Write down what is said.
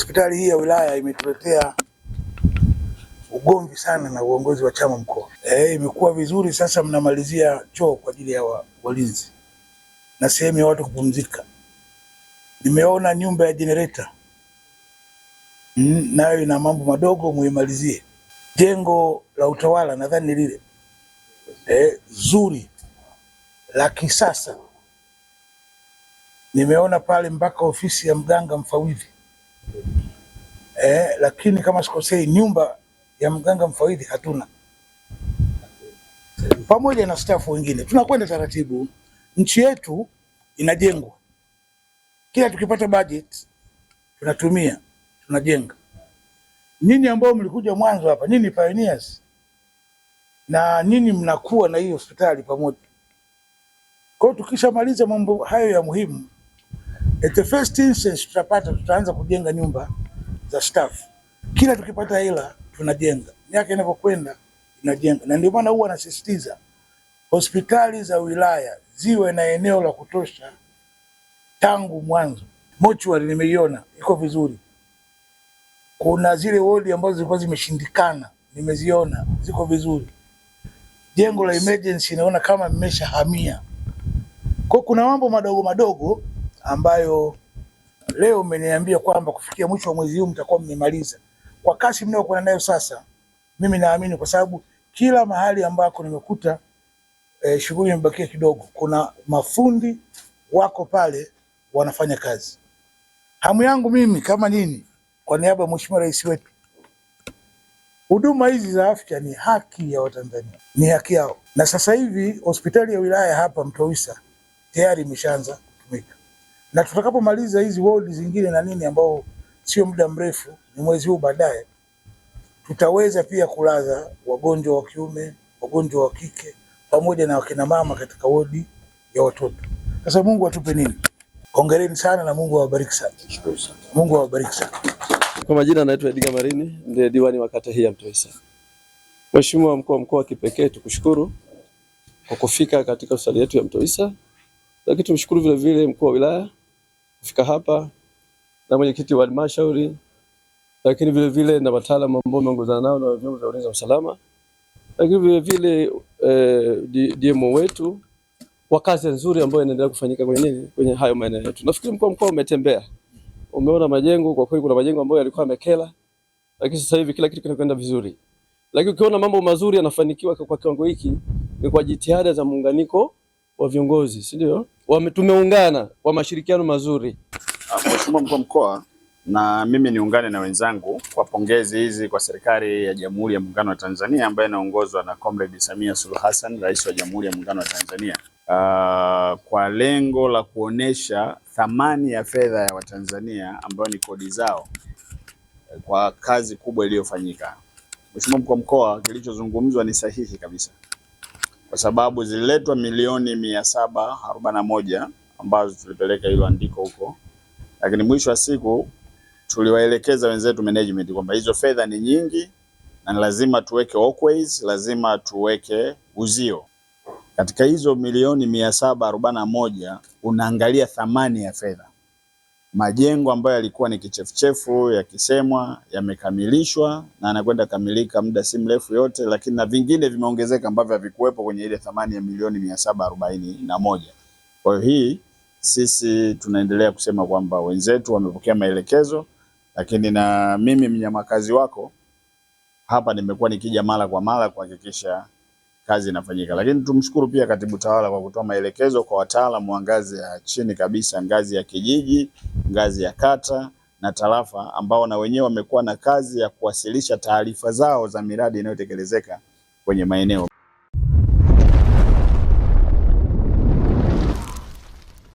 Hospitali hii ya wilaya imetuletea ugomvi sana na uongozi wa chama mkoa. Eh, imekuwa vizuri sasa, mnamalizia choo kwa ajili ya walinzi na sehemu ya watu kupumzika. Nimeona nyumba ya jenereta mm, nayo ina mambo madogo, muimalizie. Jengo la utawala nadhani lile eh, zuri la kisasa, nimeona pale mpaka ofisi ya mganga mfawidhi eh, lakini kama sikosei nyumba ya mganga mfawidhi hatuna, pamoja na stafu wengine. Tunakwenda taratibu, nchi yetu inajengwa, kila tukipata budget tunatumia, tunajenga. Nyinyi ambao mlikuja mwanzo hapa, nyinyi pioneers, na nyinyi mnakuwa na hii hospitali pamoja. Kwa hiyo tukishamaliza mambo hayo ya muhimu At the first instance tutapata, tutaanza kujenga nyumba za staff. Kila tukipata hela tunajenga, miaka inavyokwenda inajenga, na ndio maana huwa anasisitiza hospitali za wilaya ziwe na eneo la kutosha tangu mwanzo. Mochwari nimeiona iko vizuri, kuna zile wodi ambazo zilikuwa zimeshindikana, nimeziona ziko vizuri. Jengo la emergency naona kama mmeshahamia, kwa kuna mambo madogo madogo ambayo leo mmeniambia kwamba kufikia mwisho wa mwezi huu mtakuwa mmemaliza. Kwa kasi mnayokwenda nayo sasa, mimi naamini kwa sababu kila mahali ambako nimekuta eh, shughuli imebakia kidogo, kuna mafundi wako pale wanafanya kazi. Hamu yangu mimi kama nini, kwa niaba ya Mheshimiwa Rais wetu, huduma hizi za afya ni haki ya Watanzania, ni haki yao, na sasa hivi hospitali ya wilaya hapa Mtowisa tayari imeshaanza na tutakapomaliza hizi wodi zingine na nini, ambao sio muda mrefu, ni mwezi huu baadaye, tutaweza pia kulaza wagonjwa wa kiume, wagonjwa wa kike pamoja na wakina mama katika wodi ya watoto. Sasa Mungu atupe nini? Hongereni sana na Mungu awabariki sana. Mungu awabariki sana. Kwa majina naitwa Edgar Marini, ndiye diwani wa kata hii ya Mtoisa. Mheshimiwa mkuu wa mkoa, kipekee tukushukuru kwa kufika katika hospitali yetu ya Mtoisa, lakini tumshukuru vilevile mkuu wa wilaya kufika hapa na mwenyekiti wa halmashauri, lakini vile vile na wataalamu ambao wameongozana nao na vyombo vya ulinzi na usalama, lakini vile vile eh, DMO wetu wa kazi nzuri ambayo inaendelea kufanyika kwenye nini, kwenye hayo maeneo yetu. Nafikiri mkuu wa mkoa umetembea, umeona majengo. Kwa kweli kuna majengo ambayo yalikuwa yamekela, lakini sasa hivi kila kitu kinakwenda vizuri. Lakini ukiona mambo mazuri yanafanikiwa kwa kiwango hiki, ni kwa jitihada za muunganiko wa viongozi, si ndio? tumeungana kwa mashirikiano mazuri. Ah, mheshimiwa Mkuu wa Mkoa, na mimi niungane na wenzangu kwa pongezi hizi kwa serikali ya Jamhuri ya Muungano wa Tanzania ambayo inaongozwa na Comrade Samia Suluhu Hassan, Rais wa Jamhuri ya Muungano wa Tanzania. Uh, kwa lengo la kuonesha thamani ya fedha ya Watanzania ambayo ni kodi zao eh, kwa kazi kubwa iliyofanyika. Mheshimiwa Mkuu wa Mkoa, kilichozungumzwa ni sahihi kabisa kwa sababu zililetwa milioni mia saba arobaini na moja ambazo tulipeleka hilo andiko huko, lakini mwisho wa siku tuliwaelekeza wenzetu management kwamba hizo fedha ni nyingi na lazima tuweke walkways, lazima tuweke uzio. Katika hizo milioni mia saba arobaini na moja unaangalia thamani ya fedha majengo ambayo yalikuwa ni kichefuchefu yakisemwa yamekamilishwa na anakwenda kamilika muda si mrefu yote, lakini na vingine vimeongezeka ambavyo havikuwepo kwenye ile thamani ya milioni mia saba arobaini na moja. Kwa hiyo hii sisi tunaendelea kusema kwamba wenzetu wamepokea maelekezo, lakini na mimi mnyamakazi wako hapa nimekuwa nikija mara kwa mara kuhakikisha kazi inafanyika. Lakini tumshukuru pia katibu tawala kwa kutoa maelekezo kwa wataalamu wa ngazi ya chini kabisa, ngazi ya kijiji, ngazi ya kata na tarafa, ambao na wenyewe wamekuwa na kazi ya kuwasilisha taarifa zao za miradi inayotekelezeka kwenye maeneo